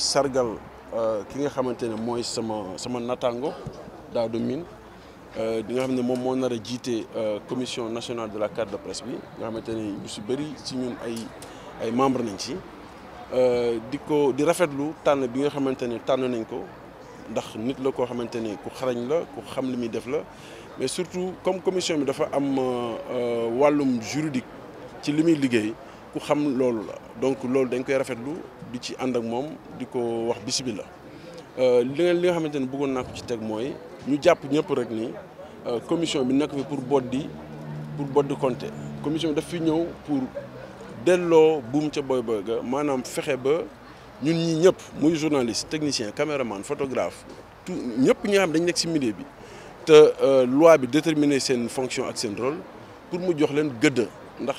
sargal euh, ki nga xamantene moy sama sama natango Daouda Mine euh, di nga xamne mom mo nara jité a euh, commission nationale de la carte de presse bi nga xamante ne ñu si ci ñun ay ay membres nañ ci euh diko di rafetlu tan bi nga xamante tan nañ ko ndax nit la ko xamante ku xarañ la ku xam li muy def la mais surtout comme commission bi dafa am euh walum juridique ci li muy liggéey ku xam loolu la donc loolu dañ koy rafetlu di ci ànd ak moom di ko wax bismillah euh, li nga li nga xamante ne bëggoon naa ko ci teg mooy ñu jàpp ñëpp rek ni euh, commission bi nekk fi pour boddi pour boddi compté commission bi daf fi ñëw pour delloo buum ca boy boy ga maanaam fexe ba ñun ñi ñëpp muy journaliste technicien caméraman photographe tout ñëpp ñi nga xam dañ nekk ci milieu bi te euh, loi bi déterminer seen fonction ak seen rôle pour mu jox leen gëdd ndax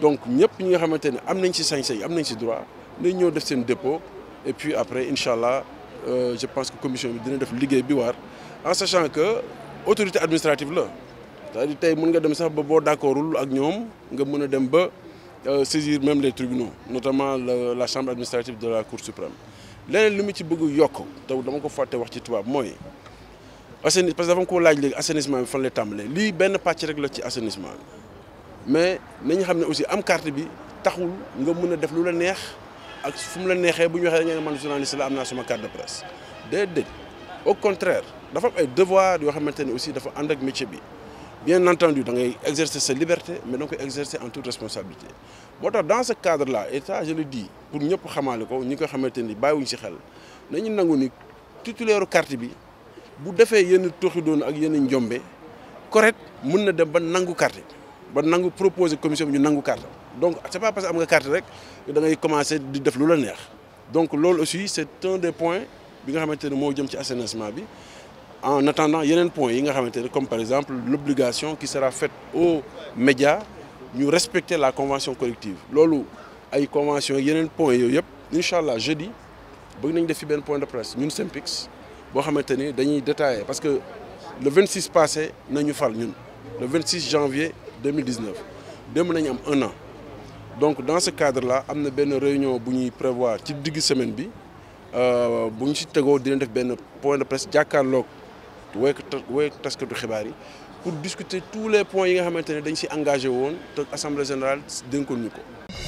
donc ñëpp ñi nga xamante ne am nañ ci sañ am nañ ci droit nañ ñëw def dépôt et puis après Inshallah, euh, je pense que commission bi dina def liggéey bi en sachant que autorité administrative là, c'est-à-dire tey mën nga dem sax ba boo d'accordul ak ñoom nga mën euh, saisir même les tribunaux notamment le, la chambre administrative de la cour suprême leneen li mu ci bëgg yokk te dama ko fàtte wax ci moi. mooy assainissement parce que dafa ko laaj léegi assainissement bi fan lay tàmbalee lii benn pàcc rek la ci assainissement mais nañu xam ne aussi am carte bi taxul nga mëna def lu la neex ak fu mu la neexee bu ñu waxee man journaliste la amna naa suma carte de presse déedéet au contraire dafa ay devoir yo xamanteni aussi dafa and ak métier bi bien entendu da ngay exercer sa liberté mais donc exercer en toute responsabilité moo tax dans ce cadre là et ça je le dis pour ñëpp xamaale ko ñi ko xamanteni ni ci xel nañu nangu ni titulaire carte bi bu défé yenn toxi ak yenn njombé correct mëna na dem ba nangu carte bi ba nangu proposer commission ñu nangu carte donc c'est pas parce que am nga carte rek da ngay commencer di def neex donc lool aussi c'est un des points bi nga xamantene mo jëm ci assainissement bi en attendant yenen points yi nga xamantene comme par exemple l'obligation qui sera faite aux médias ñu respecter la convention collective loolu ay convention yenen points yooyu yep inshallah jeudi nous nañ def fi ben point de presse ñun Synpics bo xamantene dañuy détailler parce que le 26 passé nañu fal ñun le 26 janvier 2019 démb nañu am un an donc dans ce cadre là am na benn réunion bu prévoir ci digg semaine bi euh, bu ñu si tegoo dina def benn point de presse jàkkaarloog wéykat wéykat taskatu xibaar pour discuter tous les points yi nga xamante ne dañ si te assemblée générale dénkoon ñu ko.